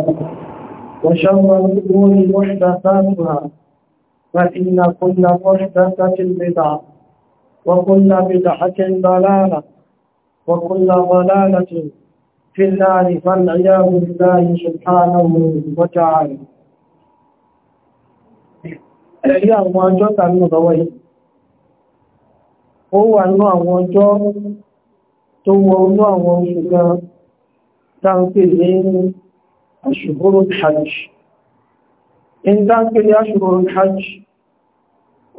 وشر الأمور محدثاتها فإن كل محدثة بدعة وكل بدعة ضلالة وكل ضلالة في النار فالعياذ بالله سبحانه وتعالى Ẹ̀rí àwọn ọjọ́ tàbí ọ̀dọ́wọ́ yìí, ó wà ní àwọn ọjọ́ tó wọ inú àwọn oṣù gan-an tá aṣùgbọ́rún hajj in dáńkiri aṣùgbọ́rún hajj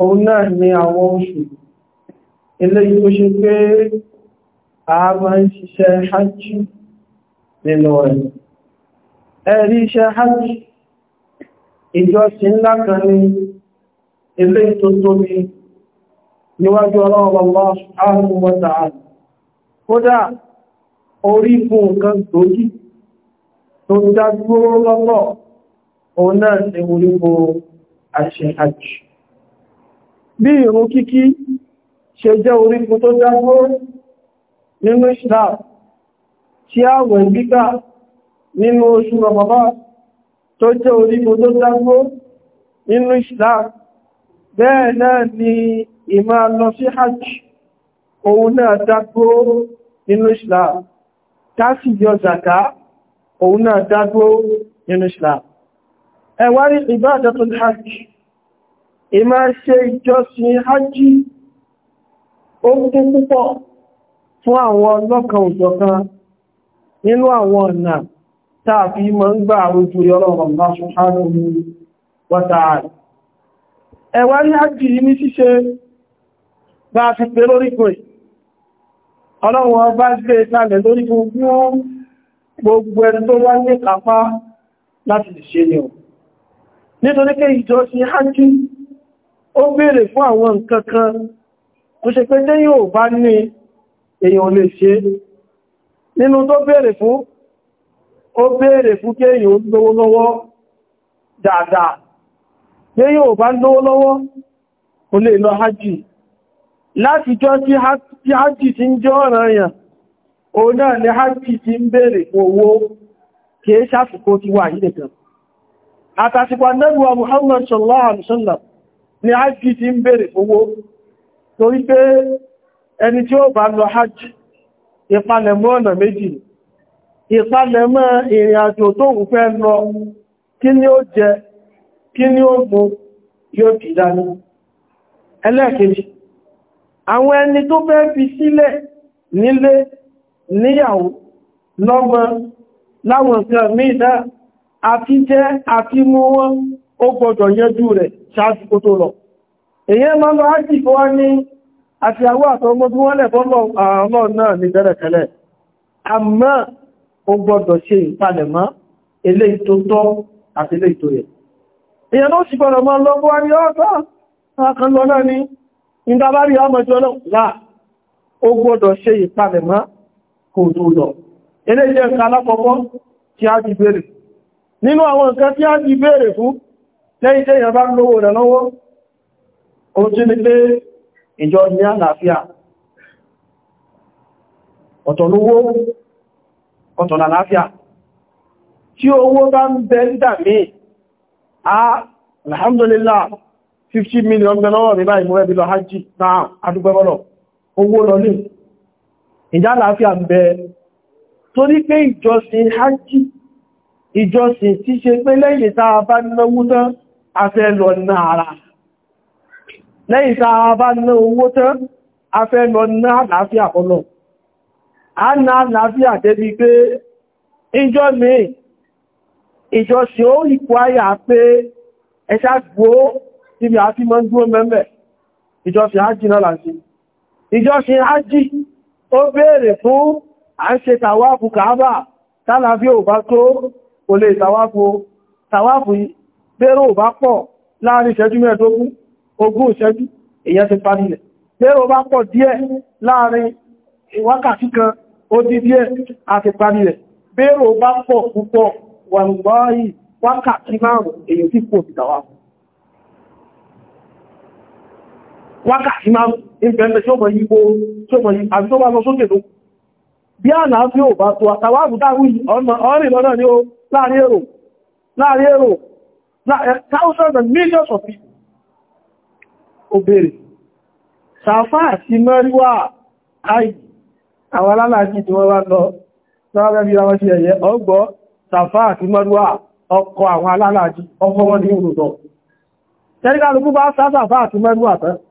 òun náà ni àwọn oṣù ilé yíò ṣe pé a máa ń ṣiṣẹ́ hajj nínú rẹ̀ ẹ̀rí iṣẹ́ hajj ìjọsìn ńlá kan ni ilé tó tóbi níwájú ọlọ́ọ̀lọ́wọ́ subhanahu wa tó dá dúró lọ́lọ́ òun náà ṣe orípo àṣẹ àjì bí ìrun kíkí ṣe jẹ́ orípo tó dá dúró nínú Islam tí àwẹ̀ gbígbà nínú oṣù rọ̀bàbá tó jẹ́ orípo tó dá dúró nínú Islam bẹ́ẹ̀ náà ni ìmá lọ sí òun náà dágbó nínú islam ẹwárí ibadatul hajj ìmá ṣe ìjọsìn hajji ó kún púpọ̀ fún àwọn ọlọ́kan òjọ̀kan nínú àwọn ọ̀nà tààfi ma ń gbà àrójú Ọlọ́run subhanahu wa ta'ala ẹwárí hajji ní bá fi gbogbo ẹni tó wá ní kàfá láti lè ṣe ni ọ̀. nítorí ìjọ sí hajji ó bèèrè fún àwọn nǹkan kan kò ṣe pé tẹ́ yóò bá ní èèyàn lè ṣe nínú tó bèèrè fún ó bèèrè fún kí èèyàn lówó lọ́wọ́ dáadáa pé bá lówó lọ́wọ́ kò lè lọ láti jọ òun náà ni hajji ti ń bèèrè fún owó kìí ṣàfikó ti wà yìí nìkan Muhammad sallallahu alaihi ni hajji ti ń bèèrè owó torí pé ẹni tí ó bá lọ hajji ìpalẹ̀mọ́ ọ̀nà méjì ìpalẹ̀mọ́ ìrìn àjò tó ń fẹ́ lọ kí ni ó jẹ kí ni ó mú yóò ti dání àwọn ẹni tó fẹ́ fi sílẹ̀ nílé níyàwó lọ́gbọ́n láwọn ìfẹ́ mìíta àti jẹ́ àti mú wọn ó gbọdọ̀ yẹjú rẹ̀ ṣáájú kó tó lọ èyí ma lọ ájì fọ́ wá ní àti àwọ́ àtọmọ bí wọ́n lẹ̀fọ́ lọ náà ní tẹ́lẹ̀tẹ́lẹ̀ àmọ́ ó gbọdọ̀ ṣe ìpalẹ̀mọ́ eléyìí tó tọ́ àti eléyìí tó yẹ èyàn ló sì gbọdọ̀ mọ́ kò tó lọ ilé jẹ́ nǹkan alákọ̀ọ́kọ́ tí a ti béèrè nínú àwọn nǹkan tí a ti béèrè fún lẹ́yìn tẹ́yìn bá lówó rẹ̀ lọ́wọ́ o tí ní pé ìjọ ní àlàáfíà ọ̀tọ̀ lówó ọ̀tọ̀ làlàáfíà tí owó bá ń bẹ a alhamdulillah 50 million gbẹ̀lọ́wọ́ mi báyìí mú ẹbí lọ hajji náà adúgbẹ́bọ́lọ̀ owó lọ ní ìjà láàáfíà ń bẹ torí pé ìjọsìn hajji ìjọsìn tí ṣe pé lẹ́yìn tá a bá náwó tán a fẹ́ lọ náàrà lẹ́yìn tá a bá ná owó tán a fẹ́ lọ ná láàáfíà ọlọ a ná láàáfíà débi pé ìjọ mi ìjọsìn ó ipò ayà pé ẹ̀ṣà gbó ibi àti mọ́ dúró mẹ́mẹ́ ìjọsìn hajji náà láti ìjọsìn hajji ó béèrè fún à ń ṣe tàwáàfù kàábà tálàfí ò bá tó kò lè tàwáàfù tàwáàfù bẹ́rọ ò bá pọ̀ láàrin ìṣẹ́jú mẹ́ẹ̀dógún ogún ìṣẹ́jú èyàn ti parí rẹ̀ bẹ́rọ bá pọ̀ díẹ̀ láàrin wákàtí kan ó dí díẹ̀ a ti parí rẹ̀ bẹ́rọ bá pọ̀ púpọ̀ wàlùbáyì wákàtí márùn-ún èyàn tí kò ti tàwáàfù wákàtí máa ń bẹ̀rẹ̀ tí mọ̀ yí àti tó bá lọ sókè ló bí àná fi ò bá tó àtàwàbù ọ̀rìn lọ́nà láàrin èrò láàrin èrò eh, thousands and millions of people ó bèèrè sàfá àti mẹ́ríwà àì àwọn tí wọ́n lọ bí wọ́n ẹ̀yẹ ọgbọ́ sàfá àti mẹ́ríwà ọkọ̀ àwọn ọkọ̀ ní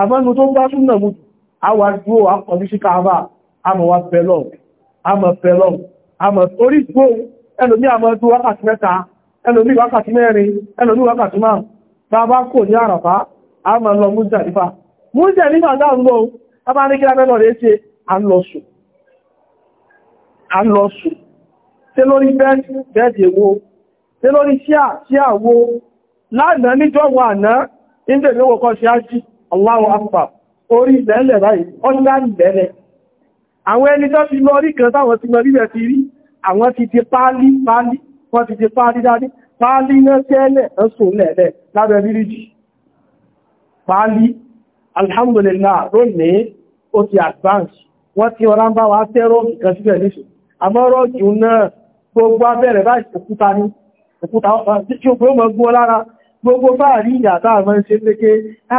àmọ́nu tó bá súnà mú àwà dúó àkọ̀bí sí káàbà àmọ̀wà pẹ̀lọ̀ àmọ̀ pẹ̀lọ̀ àmọ̀ orí gbó ẹlòmí àmọ́ tó wákàtí mẹ́ta ẹlòmí wákàtí mẹ́rin ẹlòmí wákàtí máa bá bá kò ní àràfá àmọ̀ lọ mújàlífà mújàlífà náà ń lọ ọba ní kíra mẹ́lọ rẹ̀ ṣe àlọ́sù tí lórí bẹ́ẹ̀dì èwo tí lórí síà síà wo lánàá níjọ́ wà náà ń bẹ̀rẹ̀ wọ́kọ́ sí ájí Allahu afa, orí ìlẹ́lẹ̀ báyìí ọ́nà ìlẹ́lẹ̀ àwọn ẹni ti lọ rí kan ti lọ rílẹ̀ ti rí àwọn ti ti páálí pali wọ́n ti ti páálí dáadé páálí náà tẹ́lẹ̀ ẹ̀sùn alhamdulillah lónìí ti advance ti wa gbogbo gbogbo ta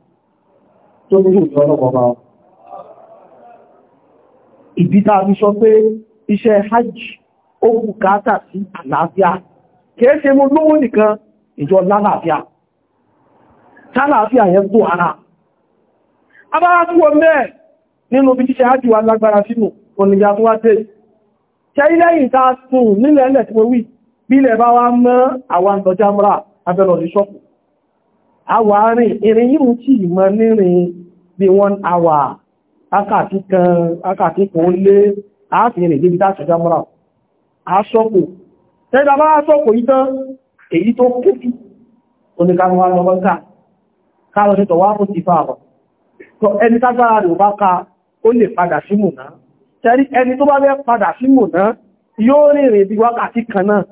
tó ní ìjọ ọlọ́pàá ìdítà mi sọ pé iṣẹ́ hajj ó bùkátà sí àlàáfíà kìí ṣe mú lówó nìkan ìjọ lálàáfíà tálàáfíà yẹn tó ara abára tó mẹ́ nínú bí iṣẹ́ hajj wà lágbára sínú tó wá tẹ́ àwọn tí ìmọ̀ nírin bí one hour akàtí kan akàtí kan lé ààfin rẹ̀ débi táṣẹ̀ jámọ́ra aṣọ́pò tẹ́gbà bá aṣọ́pò yí tán èyí tó kéjì oníkanwà lọ́gọ́ta káàlọ́ ṣe tọ̀wá fún ti fààrọ̀ tọ ẹni tágbàrà rẹ̀ bá ka ó lè padà sí mùná tẹ́rí ẹni tó bá bẹ́ padà sí mùná yóò rìnrìn bí wákàtí kan náà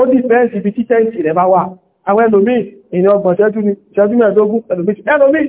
ó di fẹ́ǹsì bí títẹ́ǹsì rẹ̀ bá wà àwọn ẹlòmíì ènìyàn ọgbọ̀n ṣẹ́jú mẹ́ẹ̀dógún ẹlòmíì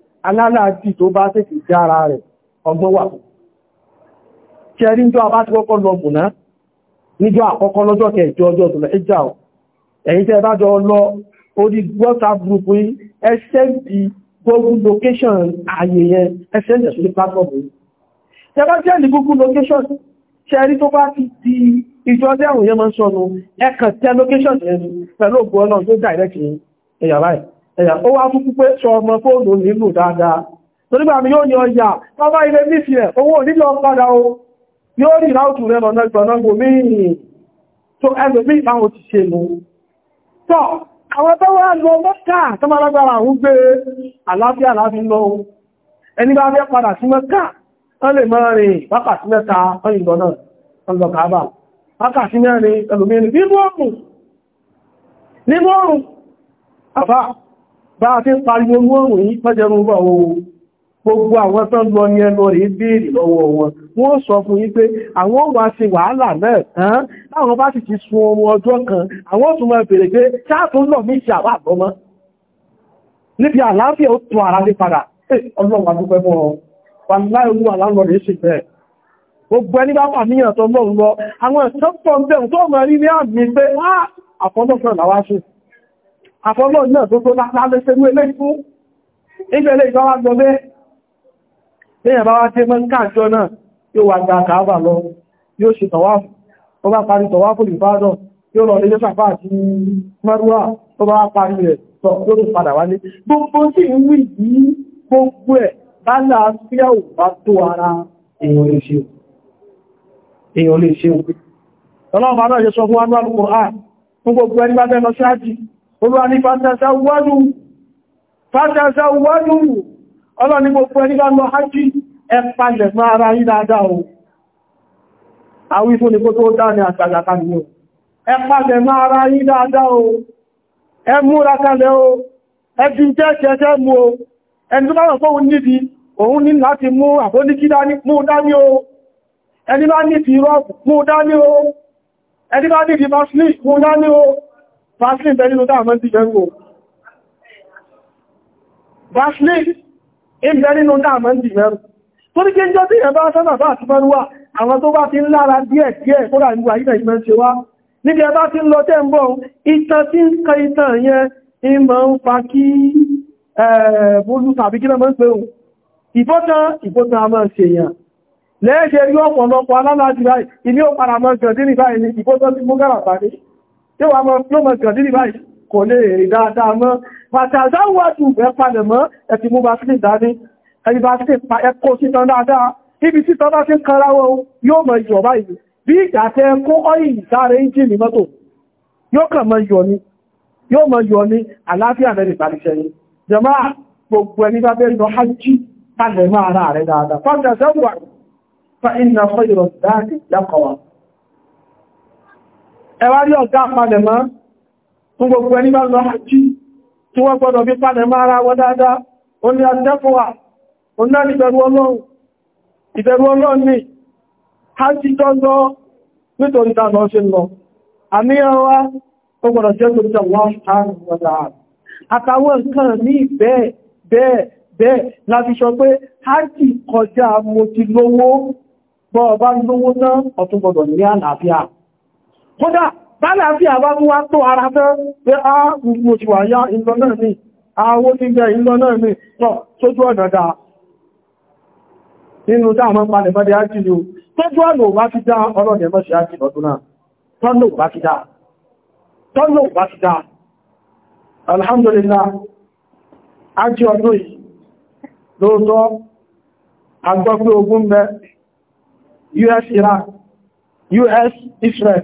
alálàájì tó bá tètè dára rẹ̀ ọgbọ́n wà fún kẹrin jọ àbá ti kọ́kọ́ lọ mùná níjọ́ àkọ́kọ́ lọ́jọ́ kẹjọ ọjọ́ tó lẹ́jà ọ̀ ẹ̀yìn tẹ́ bá jọ lọ orí WhatsApp group yí location ààyè yẹn ẹsẹ́ ìjẹ̀ sórí platform yìí tẹ́ location ṣẹ́rí tó bá ti di ìjọ ọdẹ́rùn yẹn mọ́ sọ́nu ẹkàn tẹ́ location yẹn pẹ̀lú ògbọ́n náà tó direct yìí ẹ̀yà ẹ̀yà ó wá fún púpẹ́ sọ ọmọ fóònù nílò dáadáa torípa mi yóò ní ọjà tọ́bá ilé nífì ẹ̀ owó nílò padà o yóò rí ráùtù rẹ̀ lọ́nà ìgbọ̀nàgbò míì tó ẹlòmí ìbáwọn ti ṣe mú tọ́ àwọn tó wá lọ mọ́ká tó máa lágbára àwọn gbé àlàáfíà láti lọ ẹni bá fẹ́ padà sí mọ́ká wọ́n lè máa rìn wákàtí mẹ́ta ọyìnbọn náà ọlọ́kàábà wákàtí mẹ́rin ẹlòmí nínú ọrùn àfáà bá a fi pariwo ní òòrùn yí pẹ́jẹrun bá ohun gbogbo àwọn tán lọ ní ẹnu rí béèrè lọ́wọ́ wọn wọ́n sọ fún yí pé àwọn wá sí wàhálà náà láwọn bá sì ti sun oorun ọjọ́ kan àwọn tún máa bèèrè pé sáàtún lọ mí ṣe àbá àbọ́mọ́ àfọ́lọ́ náà tó tó lálẹ́sẹ̀rú ilé fún ìgbẹ̀lẹ̀ ìjọwà gbọ́gbẹ́ lẹ́yìn bá wá tí mọ́ ń káàkiri náà yóò wà gba kàábà lọ yóò ṣe tọ̀wáfù tó bá parí tọ̀wáfù ìbádọ̀ yóò lọ ilé sàfà àti márùwà tó bá parí rẹ̀ tọ́ olúwa ní fàtàzáwádù fàtàzáwádù ọlọ́ni gbogbo ẹni bá lọ hajji ẹ palẹ̀ mọ́ ara yí dáadáa o àwí fún ní kó tó dá ní àtàzàkà ní ẹ palẹ̀ mọ́ ara yí dáadáa o ẹ múra o ẹ fi jẹ́jẹ́jẹ́ o ẹni tó bá wọ́n fóun níbi òun ní láti mú àbóníkí mú dání o ẹni bá ní o Vaseline bẹ nínú dáàmọ́ ti jẹ́ wò. Vaseline in bẹ nínú dáàmọ́ ti jẹ́ tó ní kí ń jọ tí ẹ̀ bá sọ́nà bá ti mẹ́rúwà àwọn tó bá ti ń lára díẹ̀ díẹ̀ kódà ìlú àyíká ìmẹ́ ṣe wá níbi ẹbá ti ń lọ tẹ́ ń bọ̀ ìtàn tí ń kan ìtàn yẹn ìmọ̀ ń fa kí bólú tàbí kí lọ́mọ́ ń pè ohun ìfọ́tàn ìfọ́tàn a máa ṣe èèyàn lẹ́ẹ̀ṣẹ̀ rí ọ̀pọ̀lọpọ̀ alálàájúra tí wà mọ́ ló mọ̀ kàn nílì báyìí kò lè rí dáadáa mọ́ pàtàkì àwọ́dù ẹ palẹ̀ mọ́ ẹ̀tì mú bá sílẹ̀ dání ẹni bá sílẹ̀ pa ẹkọ́ sítan dáadáa ibi sítan bá sí karawọ́ yóò mọ̀ yọ̀ báyìí bí ìgbà tẹ kó ọ́yìn sáré ìjìnì mọ́tò yóò kàn mọ̀ yọ̀ ni yóò mọ̀ yọ̀ ni àlàáfíà mẹ́rin ìbàlẹ̀ṣẹ́ ni jẹmá gbogbo ẹni bá bẹ́ẹ̀ lọ hajj palẹ̀ mọ́ ara rẹ̀ dáadáa fọ́nà sẹ́wọ̀n fa iná fọ́ ìrọ̀ dáadì lákọ̀wọ̀ ẹwà rí ọ̀gá palẹ̀ mọ́ fún gbogbo ẹni bá lọ hajji tí wọ́n gbọ́dọ̀ bí palẹ̀ mọ́ ara wọ́n dáadáa ó ní àtẹ́fọ́wà ó ní ìbẹ̀rù ọlọ́run ìbẹ̀rù ọlọ́run ni hajji tó lọ nítorí tàà lọ ṣe lọ àníyàn wa ó gbọ́dọ̀ jẹ́ tó tẹ̀ wọ́n àtàwọn nǹkan ní bẹ́ẹ̀ bẹ́ẹ̀ bẹ́ẹ̀ láti sọ pé hajji náà ọ̀tún gbọ́dọ̀ ní àlàáfíà kódà bálàáfíà bá mú wá tó ara fẹ́ pé á mo ti wà yá ìlọ náà ní àwó ti jẹ ìlọ náà ní tọ́ sójú ọ̀nà dáa nínú dáa mọ́ palẹ̀ mọ́ di ájì ni ó tójú ọ̀nà bá ti dá ọlọ́dẹ̀ mọ́ sí ájì lọ́dún náà tọ́nà bá US Israel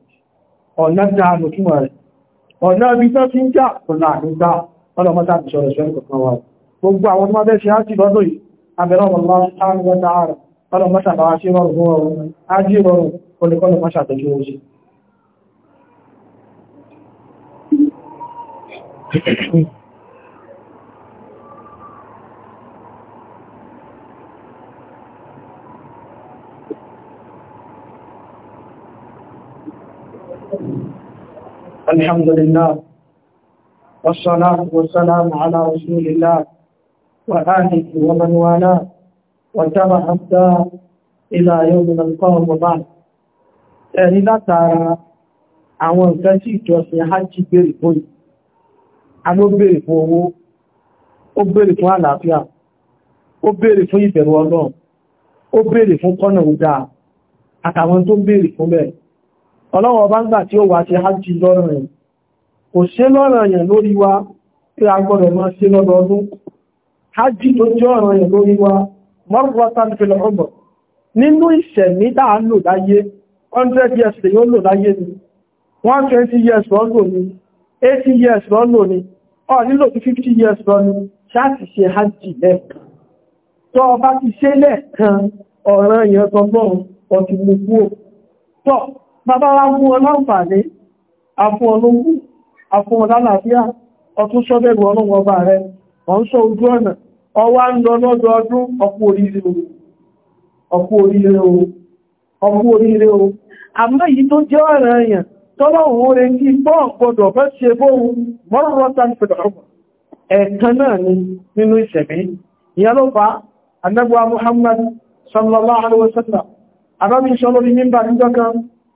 ọ̀nà dáadọ̀ túnmọ̀ rẹ̀ ọ̀nà ibi tó fi ń já ọ̀nà àrídá ọlọ́mọ́ta ti sọ̀rọ̀ ṣẹ́lẹ̀ kọ̀kan wà gbogbo àwọn tó máa bẹ́ ṣe á ti lọ́dọ̀ yìí abẹ̀rẹ̀ ọlọ́mọ́ta Thank you. الحمد لله والصلاة والسلام على رسول الله وآله ومن والاه وتبع حتى إلى يوم نلقاه وبعد ẹ̀rí látara àwọn nǹkan tí ìjọsìn hajji béèrè fún yìí a ló béèrè fún owó ó béèrè fún àlàáfíà ó béèrè fún ìbẹ̀rù ọlọ́run ó fún kọ́nà àtàwọn tó fún bẹ́ẹ̀ ọlọ́wọ̀ bá ń gbà tí ó wà ti hajj lọ́rọ̀ rẹ̀ kò ṣe lọ́rọ̀ yẹn lórí wa pé a gbọ́dọ̀ máa ṣe lọ́dọọdún hajj tó jẹ́ ọ̀rọ̀ yẹn lórí wa marratan fil umr nínú ìṣẹ̀mí dáa lò láyé 100 years lè yóò lò láyé ni 120 years lọ lò ni years lọ lò ni ọ nílò 50 years lọ ni ṣáàtì ṣe hajj lẹ́ẹ̀kan tó ọba ti ṣe lẹ́ẹ̀kan ọ̀rọ̀ yẹn tọgbọ́n ọtí mú kúrò bàbá wa mú ọlọ́pàá afún ológun afún ọlálàáfíà ọtún sọ́bẹ̀rù ọlọ́run ọba rẹ, ọ̀n sọ ojú ọ̀nà ọwá ń lọ lọ́dọọdún ọkú oríire o àmọ́ èyí tó jẹ́ ọ̀rọ̀ èèyàn tọ́lọ́wọ́ rẹ̀ re pọ́ gbọdọ̀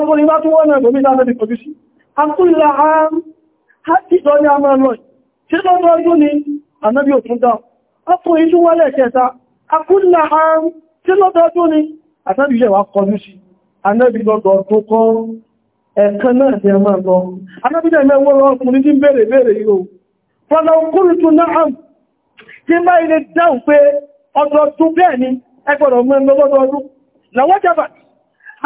ọkùnrin bá tún wọ́n náà gómìnà lọ́dí pọ̀jú sí akúlà ààrùn láti lọ ní àmà lọ tí lọ́dọ̀ ọdún ni ànábí òtún dá ọkùnrin tún wọ́n lẹ́ẹ̀kẹta akúlà ààrùn tí lọ́dọ̀ ọdún ni àtàbí ilẹ̀ wa kọjú sí ànábí lọ́dọ̀ tó kọ́ ẹ̀kan náà ti ẹmà lọ ànábí dẹ̀ mẹ́wọ́n lọ ọkùnrin tí ń bèèrè bèèrè yìí o fọ́nà ọkùnrin tún náà tí máa ilé dáhùn pé ọdọọdún bẹ́ẹ̀ ni ẹgbọ̀dọ̀ mọ́ lọ́dọọdún làwọ́jàbàtì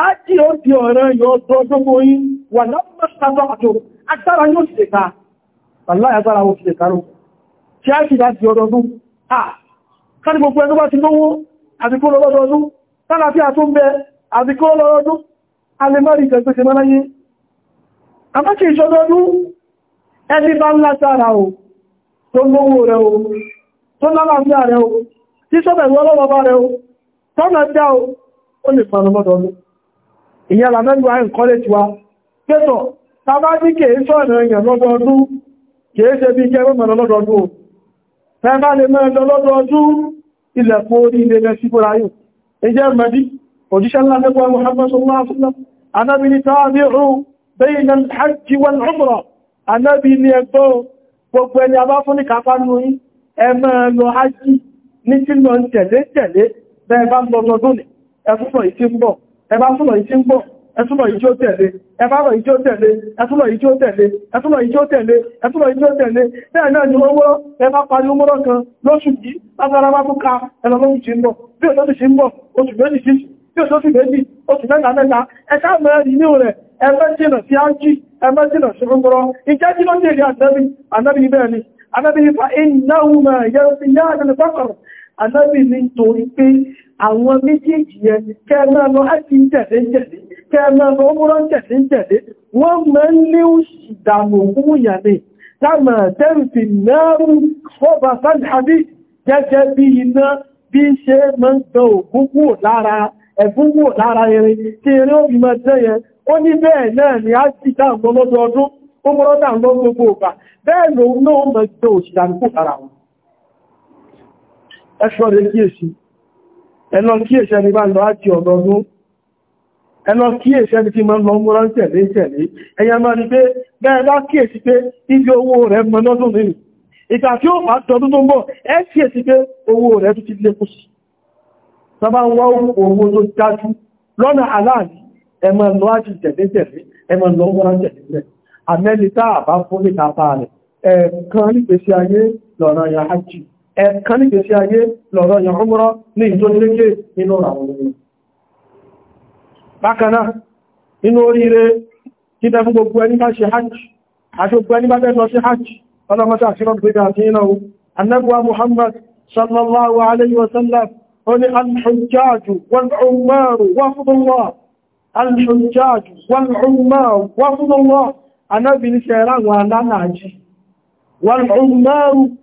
ájí ó di ọ̀rẹ́ yọ dọ́dọ́gbó yín wà lápapọ̀ àtò agbára yóò ṣe ká aláyàgbára ó ṣe kárò tí á sì bá ti ọdọọdún ah káni gbogbo ẹnu bá ti lówó àdíkó lọ́dọọdún tálàfí àtúnbẹ àdíkó lọ́dọọdún alẹ́mọ́rí ìjẹ̀gbẹ̀ṣẹ̀ mọ́láyé àmọ́kì ìṣọ́dọọdún ẹni bá ńlá sára o tó lówó rẹ̀ o tó lálàáfíà rẹ̀ o tí sọ́bẹ̀ ìyẹn lànàlúwà ń kọ́lẹ̀ tí wa pẹ́tọ̀ tàbá ní kèé sọ́nà èèyàn lọ́dọọdún kèé ṣe bí jẹ́ mọ́mọ̀ lọ́dọọdún tẹ́bá lè mẹ́rin lọ́dọọdún ilẹ̀kùn orí ilẹ̀ mẹ́sí bóra yìí ẹjẹ́ mẹ́dí òjíṣẹ́ ńlá lẹ́gbọ́ Muhammad sallallahu alaihi wasallam Ànábì ní tabi'u bayna al-hajj wal-umrah Ànábì ní ẹgbọ́ gbogbo ẹni abá fún ní kápá nù yí ẹ máa lọ hajji ní tí lọ ń tẹ̀lé tẹ̀lé bẹ́ẹ̀ bá ń lọ lọ́dún ní ẹfúfọ̀ ìtí ń bọ̀ ẹbá súnmọ̀ ìtí ń bọ̀ ẹtúnlọ̀ ìjó tẹ̀lé ẹbárọ̀ ìjó tẹ̀lé ẹtúnlọ̀ ìjó tẹ̀lé ẹtúnlọ̀ ìjó tẹ̀lé ẹtúnlọ̀ ìjó tẹ̀lé bẹ́ẹ̀ náà ni owó ẹbá parí omúrọ̀ kan lóṣù yìí látara bá tún ka ẹlọ́lọ́rùn ti ń bọ̀ bí ò lọ́sù ti ń bọ̀ oṣù méjì sí bí ò lọ́sù méjì oṣù mẹ́ta mẹ́ta ẹ̀ká mẹ́rin ní rẹ̀ ẹgbẹ́ jìnà sí ájì ẹgbẹ́ jìnà sí gbọ́rọ̀ ìjẹ́ jìnà sí èrè àdẹ́bí àdẹ́bí bẹ́ẹ̀ ni àdẹ́bí fa ináhùn mẹ́rin yẹ́ anábì ní torí pé àwọn méjèèjì yẹn kẹ́ẹ̀mọ́ lọ áti ń tẹ̀lé tẹ̀lé kẹ́ẹ̀mọ́ lọ ọmọrán tẹ̀lé tẹ̀lé wọ́n mọ́ ń lé òṣì dàmù òkúrú yàní láàmà tẹ́rù ti náàrù fọ́bà sáàdì gẹ́gẹ́ bí iná bí ṣe mọ́ ń tọ òkúkú lára ẹ̀fúnwò lára irin tí irin ó fi mọ́ jẹ́yẹ ó ní bẹ́ẹ̀ náà ni á sì dáàmù lọ́dọọdún ó mọ́rọ́dà lọ́gbogbo ọgbà bẹ́ẹ̀ lòun náà mọ́ jẹ́ òṣìdàmù kò lára wọn ẹ̀ṣọ́rẹ̀ kíyèsí ẹ̀nà kíyèsí ẹni bá ń lọ áti ọ̀dọ́dún ẹ̀nà kíyèsí ẹni tí ma ń lọ múra ń tẹ̀lé tẹ̀lé ẹ̀yà máa ní pé bẹ́ẹ̀ bá kíyèsí pé ibi owó rẹ̀ mọ́ lọ́dún nínú ìgbà tí ó bá tọdún tó ń bọ̀ ẹ́ kíyèsí pé àmẹ́lítà àbá fún rẹ̀ ẹ̀ẹ̀kan nígbèsí ayé lọ́nà ya hajji ẹ̀kan ní kèsí ayé lọ̀rọ̀ yàn ọmọrọ ní ìjọ́nilékè nínú àwọn olórin bákanáà nínú oríire títẹ́ fún gbogbo ẹni bá ṣe hajj àti gbogbo ẹni bá fẹ́ lọ sí hajj ọlọ́mọta àti rọ̀gbẹ̀gà àti ìnáwó annabuwa muhammad sallallahu alayhi wa sallam ó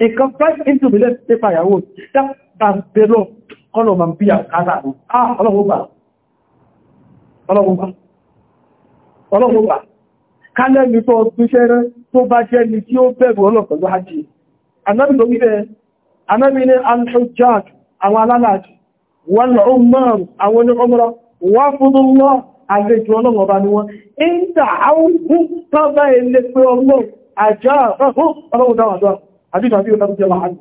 nǹkan price into the left paper ìyàwó that's the can kọ́nà ma ń bí àkádà ọlọ́gbọ́gbà kálẹ́mì tó gbíṣẹ́ rẹ̀ tó bá jẹ́ ni tí ó bẹ̀rù ọlọ́pẹ̀lú hajji anábì ló wípẹ́ anábì ní al-hujjaj àwọn alálàájì wọ́n àgbẹ̀jù wọ́n tọ́bá pé àdíjọ àbí òtàbí jẹ́ láàájú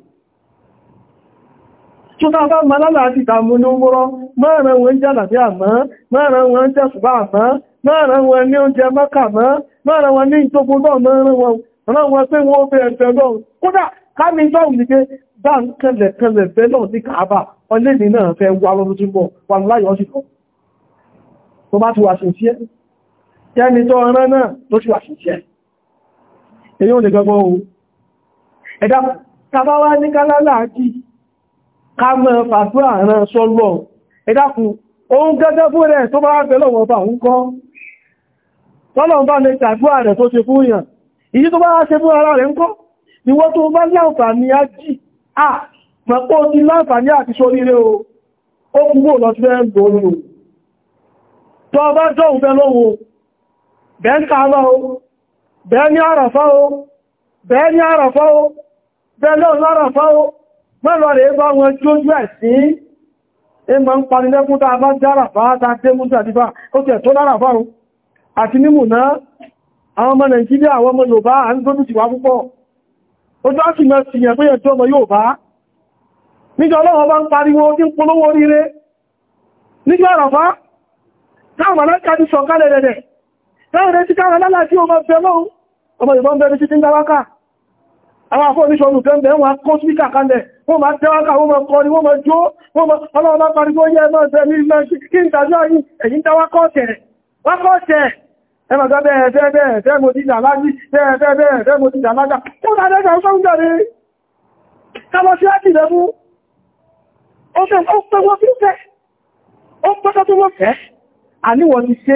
tó náà bá ma lálàá ti dàmú ní ọmọrọ mẹ́rin wọn jẹ́ àlàbí àmọ́ mẹ́rin wọn jẹ́ ṣùgbà àmọ́ mẹ́rin wọn ní oúnjẹ mọ́kà mọ́ mẹ́rin wọn ní ìtógún náà mẹ́rin wọn rán wọn pé wọ́n bẹ̀rẹ̀ ẹ̀fẹ́ lọ́run kódà kámi lọ́run ní pé bá ń kẹlẹ̀ kẹlẹ̀ fẹ́ lọ́run ní kàábà ọlẹ́ni náà fẹ́ wà lọ́run tí èyí ò lè gbogbo ohun ẹ̀dá tàbá wá ní kálálà kí ká mọ́ fàtó àrán sọ́lọ́ ẹ̀dákun ohun gẹ́gẹ́ fún rẹ̀ tó bá fẹ́ lọ́wọ́ bá ń kọ́ tọ́lọ̀n bá lè tàbí rẹ̀ tó ni wọ́n tó bá láǹfààní ájì à mọ̀pọ̀ ti o ó kúrò lọ sí ẹ́ lórí o tọ́ bá jọun fẹ́ lọ́wọ́ bẹ́ẹ̀ ń kààlọ́ o bẹ́ẹ̀ ní àràfá o bẹ́ẹ̀ ní àràfá o bẹ́ẹ̀lọ́ lára fáwọ́ mẹ́lọ rẹ̀ bá wọn tí ó jú ẹ̀ sí ìmọ̀ ń parinlẹ́kún tàà bá dára fáátà tí mú tàbífà ó tẹ̀ tó lára fáwọ́ àti mímù náà àwọn ọmọ Nàìjíríà àwọn ọmọ Yorùbá à ń gbónú ti wá púpọ̀ ojú á sì mọ́ sí yẹn pé ẹjọ́ ọmọ Yorùbá níjọ́ ọlọ́wọ́ bá ń pariwo tí ń polówó ríre níjọ́ àràfá táwọn aláìka ti sọ̀kálẹ̀ rẹ̀ rẹ̀ táwọn rẹ̀ sí káwọn alálàájí ọmọ bẹ̀rẹ̀ ọmọ àwọn afọ́níṣọ́nù tẹ́m̀bẹ̀ wọn kó síkà kalẹ̀ wọ́n máa tẹ́wàkà wọ́n máa kọrin wọ́n máa jó wọ́n fi fẹ́ ó pẹ́kọ́ wọ́n fẹ́ àníwọ̀n ti ṣe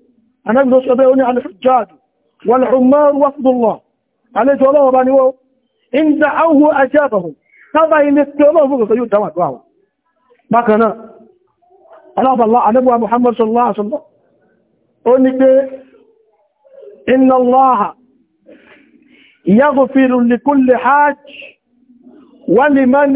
anábì ló sọ bẹ́ẹ̀ ó ní alhajjáàdù wal-ummaru wafdullah àlejò ọlọ́wọ́ bá ní wọ́n in da'awhu ajabahum tábà ilé tí ọlọ́wọ́ fún kòkò yóò dáwà tó àwọn bákan náà alábàlá anábíwa muhammad sallallahu alaihi wasallam ó ní pé inna allaha yaghfiru li kulli hajj wa liman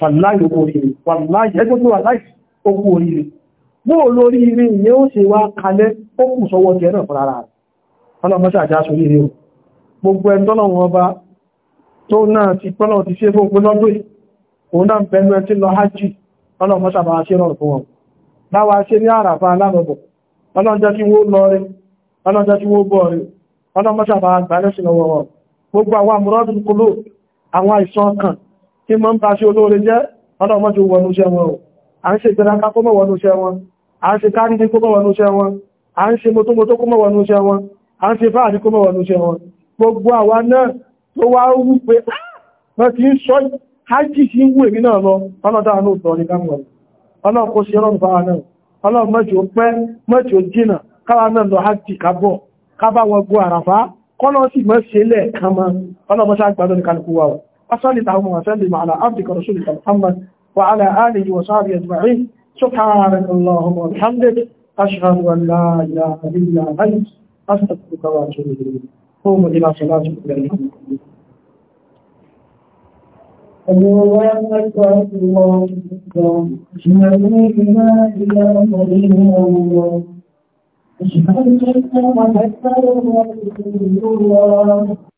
wàláyé owó oríire ìyẹ́ ó ṣe wá kalẹ́ ó kù sọwọ́ jẹ́ náà fún rẹ̀ ọlọ́mọ́sá àjá sórí ire gbogbo ẹn tọ́lọ̀ bá tó náà ti pọ́lọ̀ ti ṣe fún gbọ́lọ́dún òun náà bẹnu ẹ ti lọ hajji ọlọ́mọ́sá bá ṣe rọrùn fún wọn báwa ṣe ní àràfà alábọ̀bọ̀ ọlọ́jọ́ tí wó tí mọ́ ń bá ṣe olóore jẹ́ ọlọ́mọ́jú wọnú iṣẹ́ wọn a ń ṣe ìtẹ́láká kó mọ́ wọnú iṣẹ́ wọn a ń ṣe káàkiri kó mọ́ wọnú iṣẹ́ wọn a ń ṣe mọ́tọ́mọ́tọ́ kó mọ́ wọnú iṣẹ́ wọn a ń ṣe fáàrí kó mọ́ wọnú iṣẹ́ wọn gbogbo àwa náà tó wá wú pé wọ́n ah! ti ń sọ hajji sí ń wú èmi náà lọ ọlọ́dáà ló tọ́ ní káwọn ọlọ́run kó ṣe ọlọ́run fáwa náà ọlọ́run mọ́jọ pẹ́ mọ́jọ jìnà káwa náà lọ hajji kábọ̀ kábá wọn gbọ́ àràfá kọ́lọ́ sì mọ́ sílẹ̀ kan mọ́ ọlọ́run mọ́ṣá gbádọ́ ní وصل اللهم وسلم على عبدك ورسولك محمد وعلى آله وصحبه أجمعين سبحانك اللهم وبحمدك أشهد أن لا إله إلا أنت أستغفرك وأتوب إليك قوموا إلى صلاتكم الحمد الله أكبر الله أكبر أشهد أن لا إله إلا الله أن الله